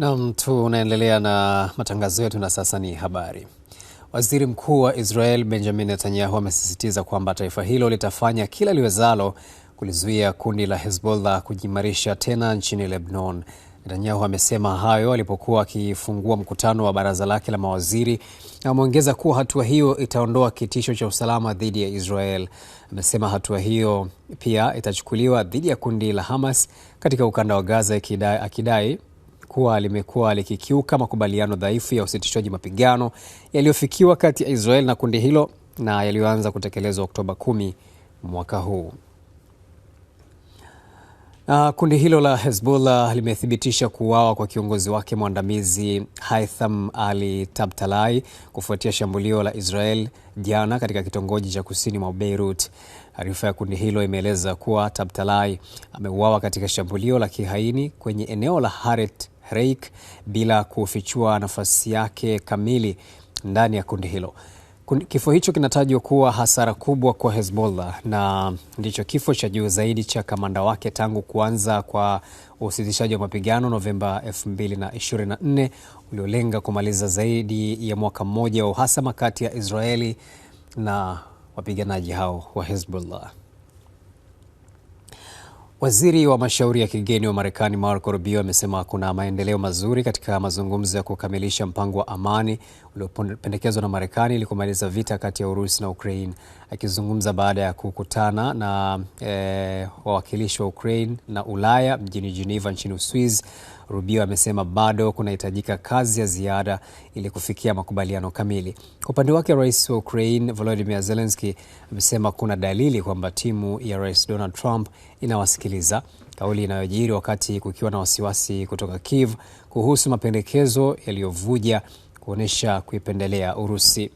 Naam, tunaendelea na matangazo yetu na sasa ni habari. Waziri Mkuu wa Israel Benjamin Netanyahu amesisitiza kwamba taifa hilo litafanya kila liwezalo kulizuia kundi la Hezbollah kujiimarisha tena nchini Lebanon. Netanyahu amesema hayo alipokuwa akifungua mkutano wa baraza lake la mawaziri na ameongeza kuwa hatua hiyo itaondoa kitisho cha usalama dhidi ya Israel. Amesema hatua hiyo pia itachukuliwa dhidi ya kundi la Hamas katika ukanda wa Gaza, akidai kuwa limekuwa likikiuka makubaliano dhaifu ya usitishwaji mapigano yaliyofikiwa kati ya Israel na kundi hilo na yaliyoanza kutekelezwa Oktoba 10 mwaka huu. Uh, kundi hilo la Hezbollah limethibitisha kuuawa kwa kiongozi wake mwandamizi Haitham Ali Tabtalai kufuatia shambulio la Israel jana katika kitongoji cha kusini mwa Beirut. Taarifa ya kundi hilo imeeleza kuwa Tabtalai ameuawa katika shambulio la kihaini kwenye eneo la Haret Reik bila kufichua nafasi yake kamili ndani ya kundi hilo. Kifo hicho kinatajwa kuwa hasara kubwa kwa Hezbollah na ndicho kifo cha juu zaidi cha kamanda wake tangu kuanza kwa usitishaji wa mapigano Novemba 2024 uliolenga kumaliza zaidi ya mwaka mmoja wa uhasama kati ya Israeli na wapiganaji hao wa Hezbollah. Waziri wa mashauri ya kigeni wa Marekani Marco Rubio amesema kuna maendeleo mazuri katika mazungumzo ya kukamilisha mpango wa amani uliopendekezwa na Marekani ili kumaliza vita kati ya Urusi na Ukraine. Akizungumza baada ya kukutana na eh, wawakilishi wa Ukraine na Ulaya mjini Geneva nchini Uswizi, Rubio amesema bado kunahitajika kazi ya ziada ili kufikia makubaliano kamili. Kwa upande wake, rais wa Ukraine Volodymyr Zelensky amesema kuna dalili kwamba timu ya rais Donald Trump inawasikiliza, kauli inayojiri wakati kukiwa na wasiwasi kutoka Kiev kuhusu mapendekezo yaliyovuja kuonyesha kuipendelea Urusi.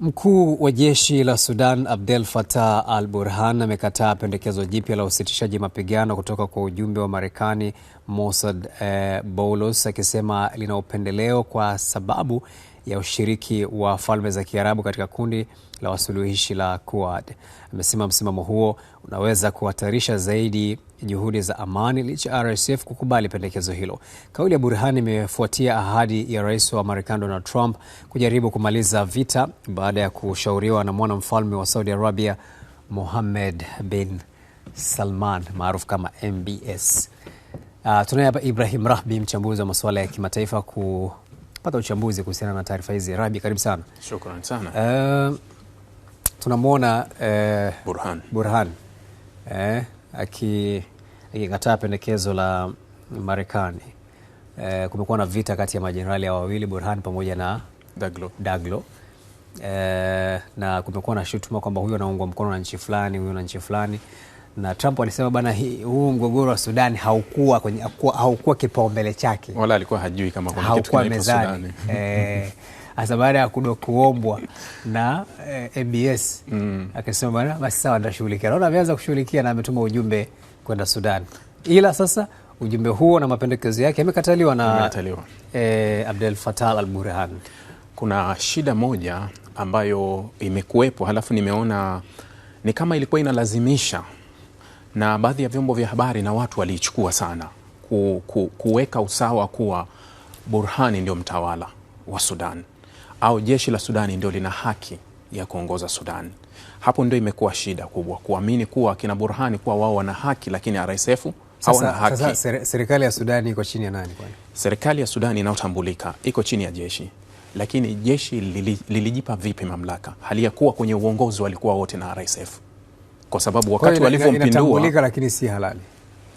Mkuu wa jeshi la Sudan Abdel Fattah al-Burhan amekataa pendekezo jipya la usitishaji mapigano kutoka kwa ujumbe wa Marekani Mossad eh, Boulos akisema lina upendeleo kwa sababu ya ushiriki wa Falme za Kiarabu katika kundi la wasuluhishi la Quad. Amesema msimamo huo unaweza kuhatarisha zaidi ya juhudi za amani licha ya RSF kukubali pendekezo hilo. Kauli ya Burhani imefuatia ahadi ya rais wa Marekani Donald Trump kujaribu kumaliza vita baada ya kushauriwa na mwanamfalme wa Saudi Arabia Mohammed bin Salman maarufu kama MBS. Uh, ah, tunaye hapa Ibrahim Rahbi, mchambuzi wa masuala ya kimataifa kupata uchambuzi kuhusiana na taarifa hizi. Rahbi, karibu sana. Shukrani sana. Uh, eh, tunamwona uh, eh, Burhan, Burhan. Uh, akikataa pendekezo la Marekani. E, kumekuwa na vita kati ya majenerali hao wawili Burhan pamoja na Daglo, Daglo. E, na kumekuwa na shutuma kwamba huyu anaungwa mkono na nchi fulani, huyu na nchi fulani, na Trump alisema bana, huu mgogoro wa Sudan haukuwa kwenye, haukuwa kipaumbele chake, wala alikuwa hajui kama kuna kitu kinaitwa Sudani. E, eh, hasa baada ya kuombwa na e, eh, MBS mm. akisema bana, basi sawa, nitashughulikia. Naona ameanza kushughulikia na ametuma ujumbe kwenda Sudan, ila sasa ujumbe huo na mapendekezo yake yamekataliwa na e, Abdel Fattah al-Burhan. Kuna shida moja ambayo imekuwepo, halafu nimeona ni kama ilikuwa inalazimisha na baadhi ya vyombo vya habari na watu waliichukua sana ku, ku, kuweka usawa kuwa Burhani ndio mtawala wa Sudan au jeshi la Sudani ndio lina haki ya kuongoza Sudan. Hapo ndio imekuwa shida kubwa, kuamini kuwa kina Burhani kuwa wao wana haki, lakini RSF hawana haki. Sasa serikali ya Sudani iko chini ya nani? Kwani serikali ya Sudani inayotambulika iko chini ya jeshi, lakini jeshi lilijipa lili, lilijipa vipi mamlaka hali ya kuwa kwenye uongozi walikuwa wote na RSF? Kwa sababu wakati walivyompindua, lakini si halali,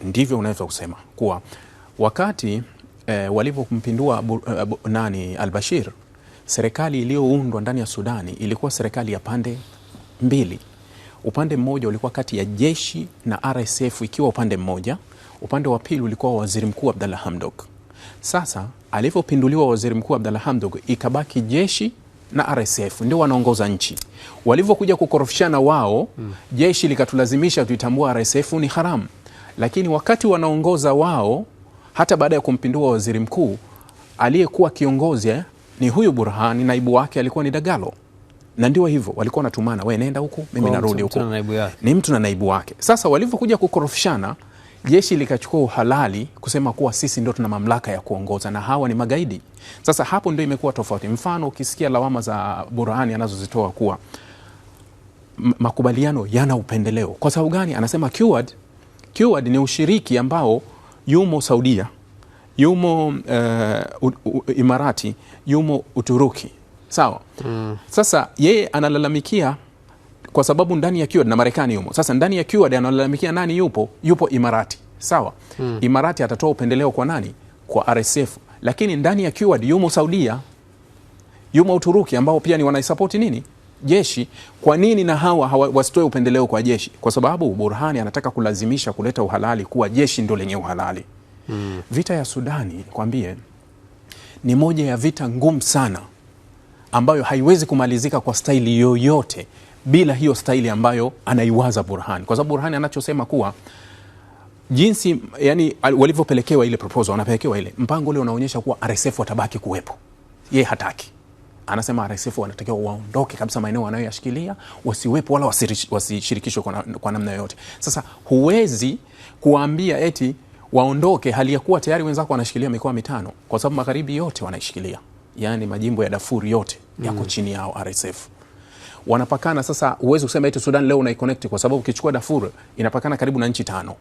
ndivyo unaweza kusema kuwa wakati eh, walivyompindua uh, nani Albashir serikali iliyoundwa ndani ya Sudani ilikuwa serikali ya pande mbili. Upande mmoja ulikuwa kati ya jeshi na RSF ikiwa upande mmoja, upande wa pili ulikuwa waziri mkuu Abdalla Hamdok. Sasa alivyopinduliwa waziri mkuu Abdalla Hamdok, ikabaki jeshi na RSF ndio wanaongoza nchi. Walivyokuja kukorofishana wao mm, jeshi likatulazimisha tuitambua RSF ni haramu, lakini wakati wanaongoza wao, hata baada ya kumpindua waziri mkuu aliyekuwa kiongozi eh, ni huyu Burhani, naibu wake alikuwa ni Dagalo, na ndio hivyo walikuwa wanatumana, we nenda huku, mimi oh, narudi huku, ni mtu na naibu wake. Sasa walivyokuja kukorofishana, jeshi likachukua uhalali kusema kuwa sisi ndio tuna mamlaka ya kuongoza na hawa ni magaidi. Sasa hapo ndio imekuwa tofauti. Mfano, ukisikia lawama za Burhani anazozitoa kuwa makubaliano yana upendeleo. Kwa sababu gani? Anasema ni ushiriki ambao yumo Saudia yumo uh, Imarati yumo Uturuki, sawa mm. Sasa yeye analalamikia kwa sababu ndani ya QAD na Marekani yumo. Sasa ndani ya QAD analalamikia nani yupo? Yupo Imarati, sawa mm. Imarati atatoa upendeleo kwa nani? Kwa RSF, lakini ndani ya QAD yumo Saudia, yumo Uturuki ambao pia ni wanaisapoti nini jeshi. Kwa nini na hawa wasitoe upendeleo kwa jeshi? Kwa sababu Burhani anataka kulazimisha kuleta uhalali kuwa jeshi ndo lenye uhalali mm. Vita ya Sudani kwambie ni moja ya vita ngumu sana ambayo haiwezi kumalizika kwa staili yoyote bila hiyo staili ambayo anaiwaza Burhani, kwa sababu Burhani anachosema kuwa jinsi yani walivyopelekewa ile proposal, wanapelekewa ile mpango ule unaonyesha kuwa RSF watabaki kuwepo, yeye hataki anasema RSF wanatakiwa waondoke kabisa maeneo wanayoyashikilia, wasiwepo wala wasishirikishwe kwa, na, kwa namna yoyote. Sasa huwezi kuwaambia eti waondoke hali ya kuwa tayari wenzako wanashikilia mikoa mitano, kwa sababu magharibi yote wanaishikilia, yani majimbo ya Darfuri yote yako mm. chini yao RSF wanapakana sasa. Uwezi kusema eti Sudan leo unaiconnect, kwa sababu ukichukua Darfur inapakana karibu na nchi tano,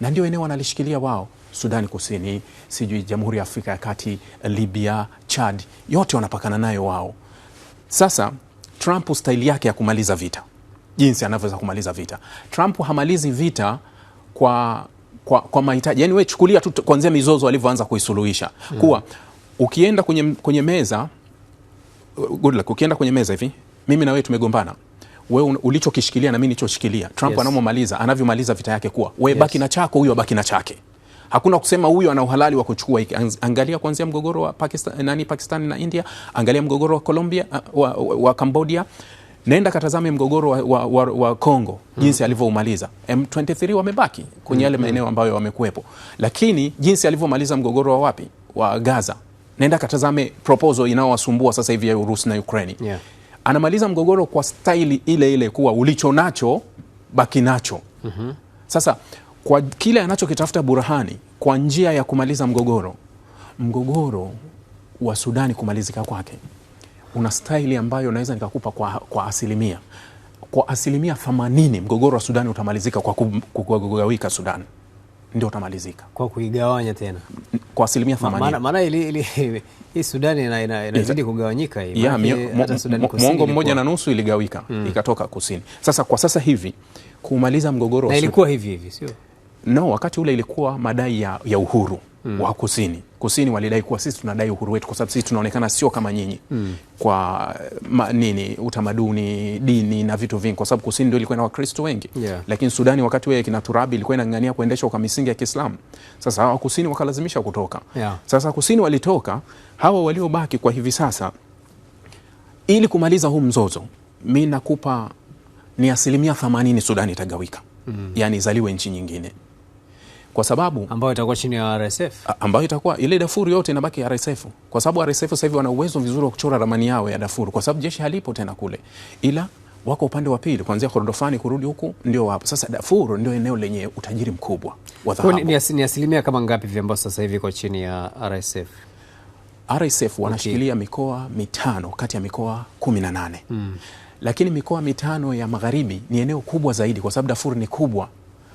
na ndio eneo wanalishikilia wao. Sudani Kusini, sijui Jamhuri ya Afrika ya Kati, Libya, Chad, yote wanapakana nayo wao. Sasa Trump staili yake ya kumaliza vita, jinsi anavyoweza kumaliza vita. Trump hamalizi vita kwa kwa, kwa mahitaji yani, we chukulia tu kuanzia mizozo walivyoanza kuisuluhisha mm. kuwa ukienda kwenye, kwenye meza good luck, ukienda kwenye meza hivi, mimi na wewe tumegombana wewe ulichokishikilia na mimi nilichoshikilia. Trump yes. anamomaliza anavyomaliza vita yake kuwa wewe yes. baki na chako, huyo baki na chake. Hakuna kusema huyo ana uhalali wa kuchukua hiki. Angalia kuanzia mgogoro wa Pakistan, nani Pakistan na India, angalia mgogoro wa Colombia wa, uh, wa, wa Cambodia Naenda katazame mgogoro wa, wa, wa, wa Kongo hmm. jinsi alivyoumaliza. M23 wamebaki kwenye yale hmm. maeneo ambayo wamekuwepo, lakini jinsi alivyomaliza mgogoro wa wapi wa Gaza, nenda katazame proposal inayowasumbua sasa hivi ya Urusi na Ukraini yeah. Anamaliza mgogoro kwa staili ile ile, kuwa ulicho nacho baki nacho mm -hmm. Sasa kwa kile anachokitafuta Burhani kwa njia ya kumaliza mgogoro, mgogoro wa Sudani kumalizika kwake una staili ambayo naweza nikakupa kwa, kwa asilimia kwa asilimia thamanini mgogoro wa Sudani utamalizika kwa kugawika Sudani ndio utamalizika kwa kuigawanya tena kwa asilimia 80. Maana hii Sudani inazidi kugawanyika hii. Mwongo mmoja na nusu iligawika mm, ikatoka kusini. Sasa kwa sasa hivi kumaliza mgogoro na ilikuwa hivi hivi, sio? No, wakati ule ilikuwa madai ya, ya uhuru mm, wa kusini Kusini walidai kuwa sisi tunadai uhuru wetu kwa sababu sisi tunaonekana sio kama nyinyi mm. kwa ma, nini utamaduni, dini na vitu vingi, kwa sababu Kusini ndio ilikuwa na Wakristo wengi yeah. Lakini Sudani wakati ule kina Turabi ilikuwa inang'ania kuendeshwa kwa misingi ya Kiislamu. Sasa hawa Kusini wakalazimisha kutoka yeah. Sasa Kusini walitoka, hawa waliobaki kwa hivi sasa, ili kumaliza huu mzozo, mi nakupa ni asilimia 80 Sudani itagawika mm. yani izaliwe nchi nyingine kwa sababu ambayo itakuwa chini ya RSF, ambayo itakuwa ile Darfur yote inabaki RSF, kwa sababu RSF sasa hivi wana uwezo vizuri wa kuchora ramani yao ya Darfur, kwa sababu jeshi halipo tena kule, ila wako upande wa pili kuanzia Kordofani kurudi huku ndio wapo sasa. Darfur ndio eneo lenye utajiri mkubwa wa dhahabu. Ni asilimia kama ngapi vya ambao sasa hivi iko chini ya RSF? RSF wanashikilia okay, mikoa mitano kati ya mikoa kumi na nane mm, lakini mikoa mitano ya magharibi ni eneo kubwa zaidi, kwa sababu Darfur ni kubwa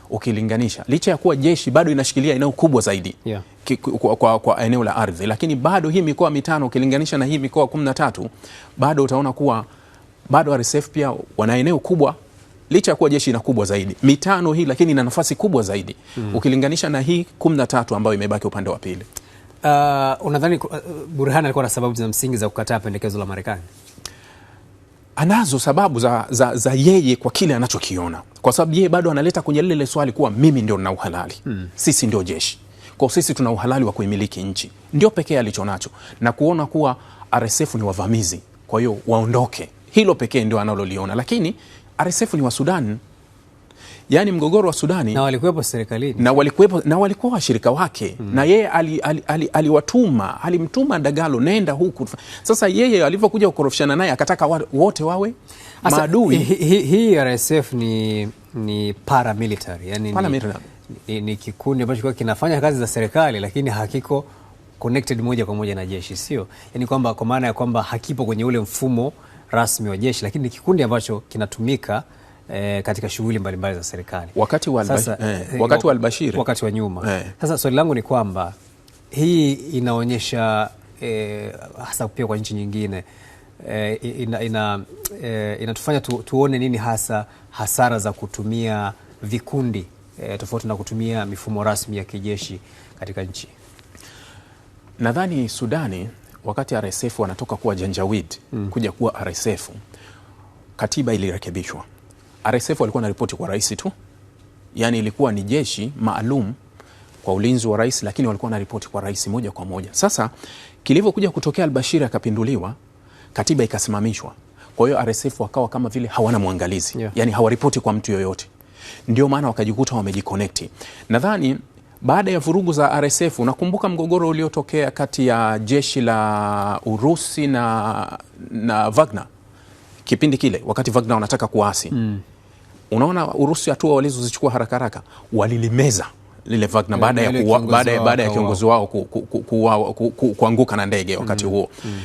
ukilinganisha, licha ya kuwa jeshi bado inashikilia eneo kubwa zaidi yeah. Kwa, kwa, kwa eneo la ardhi, lakini bado hii mikoa mitano ukilinganisha na hii mikoa kumi na tatu bado utaona kuwa bado RSF pia wana eneo kubwa licha ya kuwa jeshi ina kubwa zaidi mitano hii, lakini ina nafasi kubwa zaidi mm. ukilinganisha na hii kumi na tatu ambayo imebaki upande wa pili. Uh, unadhani uh, Burhan alikuwa na sababu za msingi za kukataa pendekezo la Marekani? anazo sababu za, za, za yeye kwa kile anachokiona, kwa sababu yeye bado analeta kwenye lile swali kuwa mimi ndio nina uhalali hmm. Sisi ndio jeshi kwao, sisi tuna uhalali wa kuimiliki nchi, ndio pekee alichonacho, na kuona kuwa RSF ni wavamizi, kwa hiyo waondoke. Hilo pekee ndio analoliona, lakini RSF ni wa Sudan yani mgogoro wa Sudani na walikuwepo serikalini na walikuwepo na walikuwa washirika wake mm. na yeye aliwatuma ali, ali, ali alimtuma Dagalo, nenda huku. Sasa yeye alivyokuja kukorofishana naye akataka wote wawe maadui. Hii hi, hi RSF ni, ni paramilitary yani Ni, ni, ni kikundi ambacho kinafanya kazi za serikali lakini hakiko connected moja kwa moja na jeshi, sio yani kwamba kwa maana ya kwamba hakipo kwenye ule mfumo rasmi wa jeshi, lakini ni kikundi ambacho kinatumika e, katika shughuli mbalimbali za serikali wakati wa sasa, eh, eh wakati wa nyuma eh. Sasa swali langu ni kwamba hii inaonyesha e, hasa pia kwa nchi nyingine e, ina, ina, e, inatufanya tu, tuone nini hasa hasara za kutumia vikundi e, tofauti na kutumia mifumo rasmi ya kijeshi katika nchi. Nadhani Sudani wakati RSF wanatoka kuwa Janjawid mm. kuja kuwa RSF, katiba ilirekebishwa RSF walikuwa na ripoti kwa rais tu, yani ilikuwa ni jeshi maalum kwa ulinzi wa rais, lakini walikuwa na ripoti kwa rais moja kwa moja. Sasa kilivyokuja kutokea Albashir akapinduliwa, katiba ikasimamishwa, kwa hiyo RSF wakawa kama vile hawana mwangalizi yeah. Yani hawaripoti kwa mtu yoyote, ndio maana wakajikuta wamejikonekti. Nadhani baada ya vurugu za RSF, unakumbuka mgogoro uliotokea kati ya jeshi la Urusi na, na Wagner kipindi kile wakati Wagner wanataka kuasi mm unaona Urusi hatua walizozichukua haraka haraka walilimeza lile Wagner baada ya baada ya baada ya kiongozi wao kuanguka na ndege wakati mm, huo mm.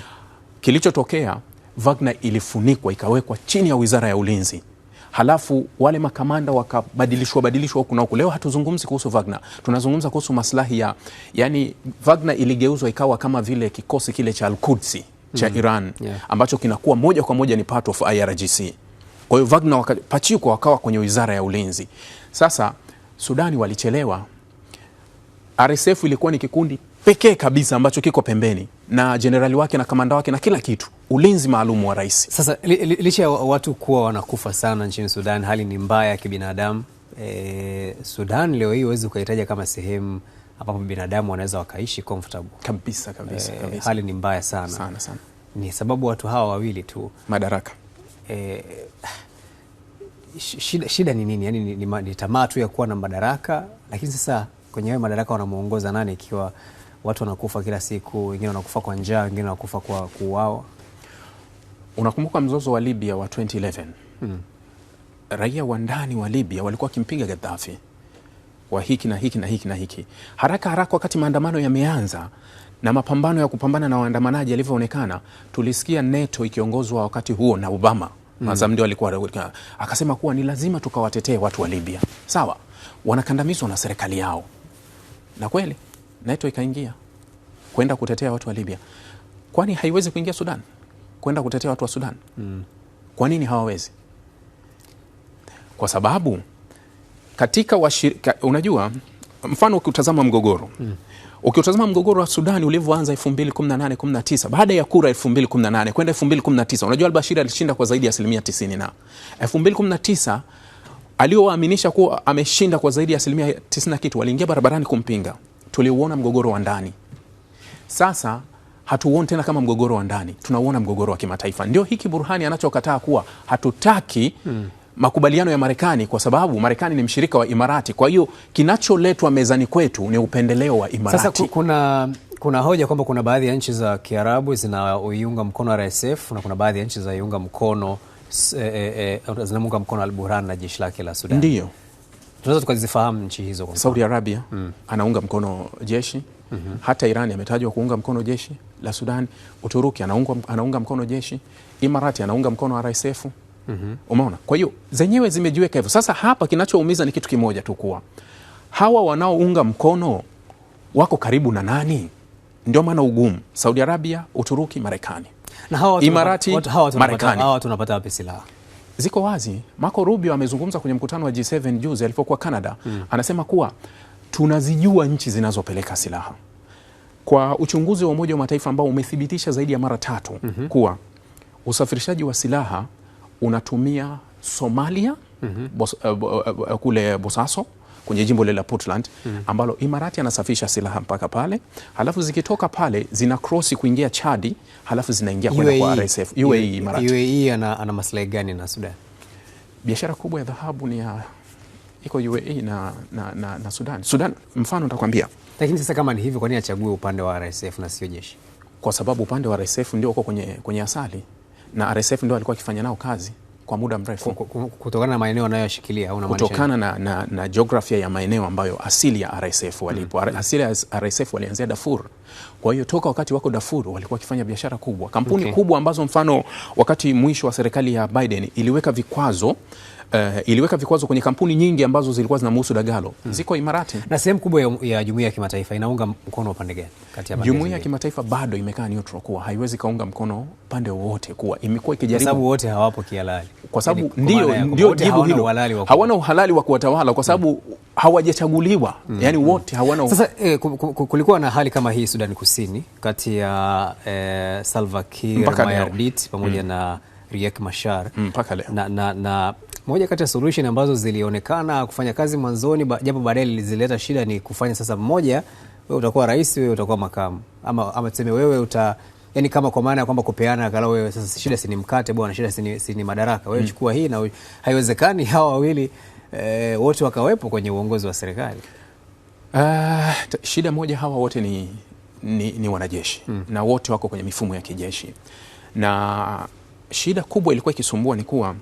Kilichotokea, Wagner ilifunikwa ikawekwa chini ya wizara ya ulinzi, halafu wale makamanda wakabadilishwa badilishwa huku na huku. Leo hatuzungumzi kuhusu Wagner, tunazungumza kuhusu maslahi ya yani, Wagner iligeuzwa ikawa kama vile kikosi kile cha Al-Quds cha mm Iran yeah. ambacho kinakuwa moja kwa moja ni part of IRGC. Kwa hiyo Wagner wakati, wakawa kwenye wizara ya ulinzi. Sasa Sudani walichelewa. RSF ilikuwa ni kikundi pekee kabisa ambacho kiko pembeni na jenerali wake na kamanda wake na kila kitu, ulinzi maalum wa rais. Sasa licha ya watu kuwa wanakufa sana nchini Sudan, hali ni mbaya ya kibinadamu. E, Sudan leo hii huwezi ukaitaja kama sehemu ambapo binadamu wanaweza wakaishi comfortable kabisa kabisa, e, kabisa. E, hali ni mbaya sana. Sana, sana. Ni sababu watu hawa wawili tu madaraka eh, shida, shida ni nini? Yani ni, ni, ni tamaa tu ya kuwa na madaraka, lakini sasa kwenye hayo madaraka wanamuongoza nani ikiwa watu wanakufa kila siku, wengine wanakufa kwa njaa, wengine wanakufa kwa kuuawa? Unakumbuka mzozo wa Libya wa 2011 hmm. Raia wa ndani wa Libya walikuwa wakimpinga Gaddafi wa hiki na hiki na hiki na hiki. Haraka haraka, wakati maandamano yameanza na mapambano ya kupambana na waandamanaji yalivyoonekana, tulisikia NATO ikiongozwa wakati huo na Obama Azam ndio alikuwa akasema kuwa ni lazima tukawatetee watu wa Libya. Sawa, wanakandamizwa na serikali yao, na kweli NATO ikaingia kwenda kutetea watu wa Libya. Kwani haiwezi kuingia Sudan kwenda kutetea watu wa Sudan? Mm. Kwa nini hawawezi? Kwa sababu katika washirika, unajua mfano ukiutazama mgogoro mm. Ukiutazama mgogoro wa Sudani ulivyoanza 2018 19 baada ya kura 2018 kwenda 2019, unajua albashir alishinda kwa zaidi ya asilimia 90 na 2019 aliowaaminisha kuwa ameshinda kwa zaidi ya asilimia 90 kitu waliingia barabarani kumpinga. Tuliuona mgogoro wa ndani. Sasa hatuuoni tena kama mgogoro wa ndani, tunauona mgogoro wa kimataifa. Ndio hiki Burhani anachokataa kuwa hatutaki hmm makubaliano ya Marekani kwa sababu Marekani ni mshirika wa Imarati. Kwa hiyo kinacholetwa mezani kwetu ni upendeleo wa Imarati. Sasa kuna kuna hoja kwamba kuna baadhi ya nchi za Kiarabu zinaiunga mkono RSF na kuna baadhi ya nchi zinaiunga mkono e, e, zinamuunga mkono Al Burhan na jeshi lake la Sudan. Ndio. Tunaweza tukazifahamu nchi hizo kwa Saudi Arabia mm. anaunga mkono jeshi mm -hmm. hata Irani ametajwa kuunga mkono jeshi la Sudan. Uturuki anaunga, anaunga mkono jeshi. Imarati anaunga mkono RSF. -hmm. Umeona, kwa hiyo zenyewe zimejiweka hivyo. Sasa hapa kinachoumiza ni kitu kimoja tu, kuwa hawa wanaounga mkono wako karibu na nani? Ndio maana ugumu. Saudi Arabia, Uturuki, Marekani Imarati, Marekani, hawa tunapata wapi silaha? Ziko wazi. Marco Rubio amezungumza kwenye mkutano wa G7 juzi alipokuwa Canada mm. Anasema kuwa tunazijua nchi zinazopeleka silaha kwa uchunguzi wa Umoja wa Mataifa ambao umethibitisha zaidi ya mara tatu mm -hmm. kuwa usafirishaji wa silaha unatumia Somalia mm -hmm. Bos, uh, kule Bosaso kwenye jimbo lile la Puntland mm -hmm. ambalo Imarati anasafisha silaha mpaka pale, halafu zikitoka pale zina krosi kuingia Chadi, halafu zinaingia kwenda kwa e. RSF. UAE e Imarati, UAE ana, ana maslahi gani na Sudan? Biashara kubwa ya dhahabu ni ya iko UAE na, na, na, na Sudan. Sudan mfano nitakwambia. Lakini sasa kama ni hivyo, kwa nini achague upande wa RSF na sio jeshi? Kwa sababu upande wa RSF ndio uko kwenye, kwenye asali na RSF ndio alikuwa akifanya nao kazi kwa muda mrefu kutokana na maeneo anayoshikilia au kutokana na, na, na jiografia ya maeneo ambayo asili ya RSF mm. walipo. Mm. Asili ya RSF walianzia Darfur, kwa hiyo toka wakati wako Darfur walikuwa wakifanya biashara kubwa, kampuni okay, kubwa ambazo mfano wakati mwisho wa serikali ya Biden iliweka vikwazo uh, iliweka vikwazo kwenye kampuni nyingi ambazo zilikuwa zinamhusu Dagalo mm. ziko Imarati na sehemu kubwa ya, ya jumuiya ya kimataifa inaunga mkono upande gani kati ya jumuiya ya kimataifa? Bado imekaa neutral, kuwa haiwezi kaunga mkono upande wowote, kuwa imekuwa ikijaribu, kwa sababu wote hawapo kihalali, kwa sababu yaani ndio ndio jibu hilo, hawana uhalali wa kuwatawala kwa sababu mm. hawajachaguliwa mm. yani wote hawana Sasa eh, kulikuwa na hali kama hii Sudan Kusini kati ya eh, Salva Kiir Mayardit pamoja mm. na Riek Mashar hmm, mpaka leo na, na, na moja kati ya solution ambazo zilionekana kufanya kazi mwanzoni, japo baadaye zilileta shida, ni kufanya sasa mmoja, wewe utakuwa rais, wewe utakuwa makamu, ama, ama tuseme wewe uta yani kama kwa maana ya kwamba kupeana kala wewe sasa, shida si ni mkate bwana, shida si ni, si ni madaraka, wewe mm, chukua hii. Na haiwezekani hawa wawili eh, wote wakawepo kwenye uongozi wa serikali. Uh, shida moja, hawa wote ni, ni, ni wanajeshi mm, na wote wako kwenye mifumo ya kijeshi, na shida kubwa ilikuwa ikisumbua ni kuwa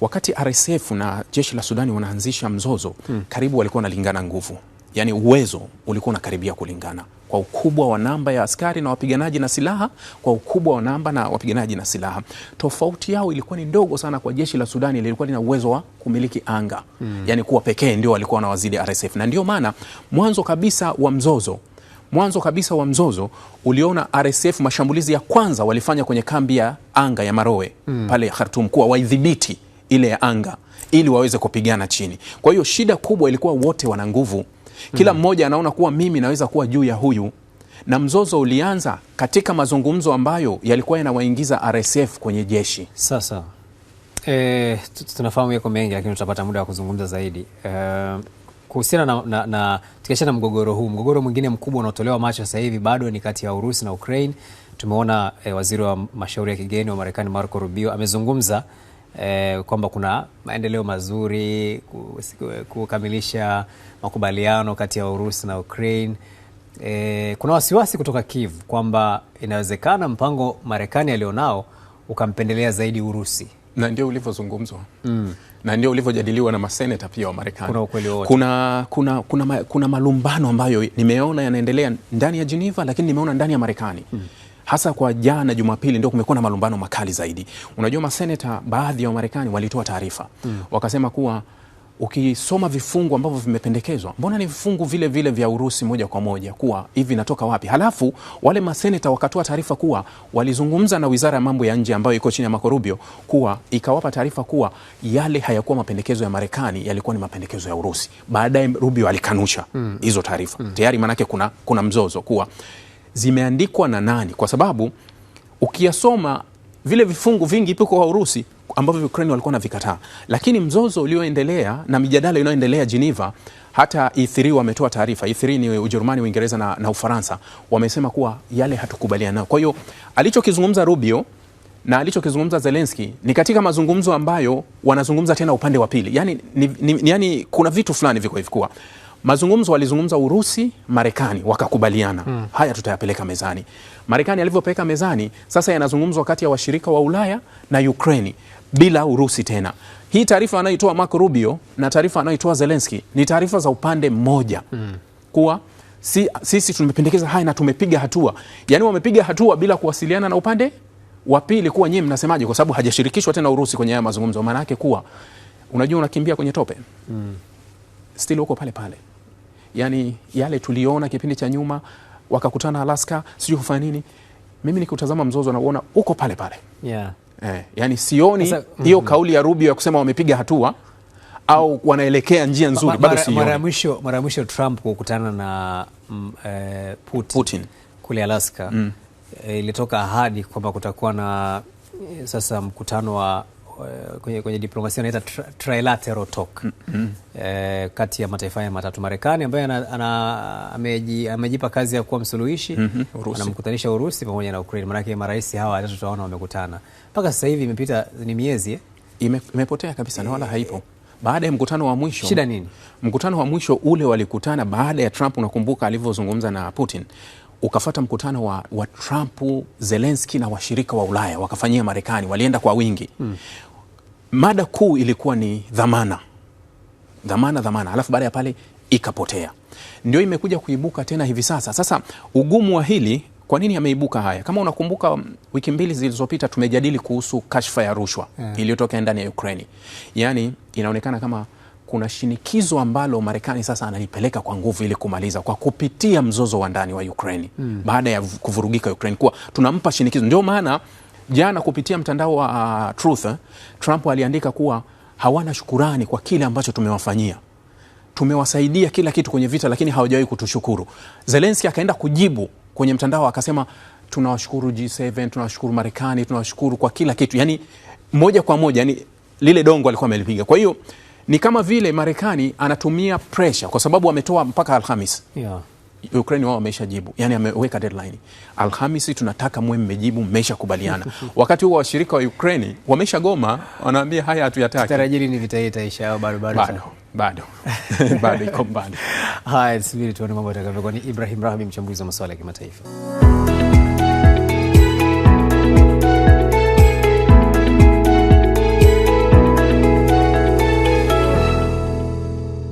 Wakati RSF na jeshi la Sudani wanaanzisha mzozo hmm, karibu walikuwa wanalingana nguvu, yani uwezo ulikuwa unakaribia kulingana kwa ukubwa wa namba ya askari na wapiganaji na silaha, kwa ukubwa wa namba na wapiganaji na silaha. Tofauti yao ilikuwa ni ndogo sana, kwa jeshi la Sudani lilikuwa lina uwezo wa kumiliki anga hmm, yani kuwa pekee ndio walikuwa wanawazidi RSF, na ndio maana mwanzo kabisa wa mzozo mwanzo kabisa wa mzozo uliona RSF mashambulizi ya kwanza walifanya kwenye kambi ya anga ya Marowe mm. pale Khartoum kuwa waidhibiti mm ile ya anga ili waweze kupigana chini. Kwa hiyo shida kubwa ilikuwa wote wana nguvu, kila mm. mmoja mm. anaona kuwa mimi naweza kuwa juu ya huyu, na mzozo ulianza katika mazungumzo ambayo yalikuwa yanawaingiza RSF kwenye jeshi. Sasa e, tunafahamu yako mengi, lakini tutapata muda wa kuzungumza zaidi e, kuhusiana na, na, na tukiachana mgogoro huu, mgogoro mwingine mkubwa unaotolewa macho sasa hivi bado ni kati ya Urusi na Ukraine. Tumeona e, waziri wa mashauri ya kigeni wa Marekani Marco Rubio amezungumza eh, kwamba kuna maendeleo mazuri kukamilisha makubaliano kati ya Urusi na Ukraine. Eh, kuna wasiwasi kutoka Kiev kwamba inawezekana mpango Marekani alionao ukampendelea zaidi Urusi na ndio ulivyozungumzwa mm. na ndio ulivyojadiliwa na maseneta pia wa Marekani. Kuna, kuna, kuna, kuna, ma, kuna malumbano ambayo nimeona yanaendelea ndani ya Geneva, lakini nimeona ndani ya Marekani mm hasa kwa jana Jumapili ndio kumekuwa na malumbano makali zaidi. Unajua, maseneta baadhi ya Wamarekani walitoa taarifa mm. wakasema kuwa ukisoma vifungu ambavyo vimependekezwa, mbona ni vifungu vile vile vya Urusi moja kwa moja, kuwa hivi natoka wapi? Halafu wale maseneta wakatoa taarifa kuwa walizungumza na wizara ya mambo ya nje ambayo iko chini ya Marco Rubio, kuwa ikawapa taarifa kuwa yale hayakuwa mapendekezo ya Marekani, yalikuwa ni mapendekezo ya Urusi. Baadaye Rubio alikanusha hmm. hizo mm. taarifa mm. tayari, maanake kuna, kuna mzozo kuwa zimeandikwa na nani, kwa sababu ukiyasoma vile vifungu vingi ipiko kwa Urusi ambavyo Ukraine walikuwa na vikataa, lakini mzozo ulioendelea na mijadala inayoendelea Geneva, hata E3 wametoa taarifa. E3 ni Ujerumani, Uingereza na, na Ufaransa, wamesema kuwa yale hatukubaliana nayo. Kwa hiyo alichokizungumza Rubio na alichokizungumza Zelenski ni katika mazungumzo ambayo wanazungumza tena upande wa pili, yani, ni, ni, yani kuna vitu fulani viko hivi kuwa mazungumzo walizungumza Urusi, Marekani wakakubaliana hmm. Haya, tutayapeleka mezani. Marekani alivyopeleka mezani, sasa yanazungumzwa kati ya washirika wa Ulaya na Ukraini bila Urusi tena. Hii taarifa anayoitoa Marco Rubio na taarifa anayoitoa Zelenski ni taarifa za upande mmoja hmm. kuwa si, sisi tumependekeza haya na tumepiga hatua, yaani wamepiga hatua bila kuwasiliana na upande wa pili kuwa nyie mnasemaje, kwa sababu hajashirikishwa tena Urusi kwenye haya mazungumzo. Maana yake kuwa unajua unakimbia kwenye tope hmm. Stili huko pale pale yani yale tuliona kipindi cha nyuma, wakakutana Alaska, sijui kufanya nini. Mimi nikiutazama mzozo nauona uko pale pale yeah. Eh, yani sioni hiyo mm -hmm. kauli ya Rubio ya kusema wamepiga hatua au wanaelekea njia nzuri bado sioni. Mara ya mwisho mara ya mwisho Trump kukutana na mm, eh, Putin, Putin kule Alaska mm. eh, ilitoka ahadi kwamba kutakuwa na eh, sasa mkutano wa Eh, kwenye, kwenye diplomasia anaita trilateral talk mm -hmm. E, kati ya mataifa haya matatu Marekani ambaye ameji, amejipa kazi ya kuwa msuluhishi mm -hmm. anamkutanisha Urusi pamoja na Ukraine, maanake marais hawa watatu tutaona wamekutana mpaka sasa hivi imepita ni miezi eh? Ime, imepotea kabisa na wala eh. haipo baada ya mkutano wa mwisho. Shida nini? Mkutano wa mwisho ule walikutana baada ya Trump, unakumbuka alivyozungumza na Putin ukafata mkutano wa, wa Trump zelenski na washirika wa Ulaya wakafanyia Marekani, walienda kwa wingi mm mada kuu ilikuwa ni dhamana, dhamana, dhamana, alafu baada ya pale ikapotea, ndio imekuja kuibuka tena hivi sasa. Sasa ugumu wa hili kwa nini ameibuka haya? Kama unakumbuka mm, wiki mbili zilizopita tumejadili kuhusu kashfa ya rushwa yeah, iliyotokea ndani ya Ukraini. Yaani inaonekana kama kuna shinikizo ambalo Marekani sasa analipeleka kwa nguvu ili kumaliza kwa kupitia mzozo wa ndani wa Ukraini mm, baada ya kuvurugika Ukraini, kuwa tunampa shinikizo, ndio maana Jana kupitia mtandao wa uh, Truth, eh, Trump aliandika kuwa hawana shukurani kwa kile ambacho tumewafanyia, tumewasaidia kila kitu kwenye vita, lakini hawajawahi kutushukuru. zelenski akaenda kujibu kwenye mtandao akasema, tunawashukuru G7, tunawashukuru Marekani, tunawashukuru kwa kila kitu, yani moja kwa moja, yani lile dongo alikuwa amelipiga. Kwa hiyo ni kama vile Marekani anatumia pressure kwa sababu ametoa mpaka Alhamis yeah. Ukraine wao wameshajibu, yani ameweka deadline Alhamisi, tunataka mwe mmejibu, mmeshakubaliana. Wakati huo washirika wa Ukraine wameshagoma, wanaambia haya hatuyataki. Tarajiri ni vita hii itaisha au bado? Bado bado bado bado iko mbali. Haya, subiri tuone mambo yatakavyokuwa. Ni Ibrahim Rahbi, mchambuzi wa masuala ya kimataifa.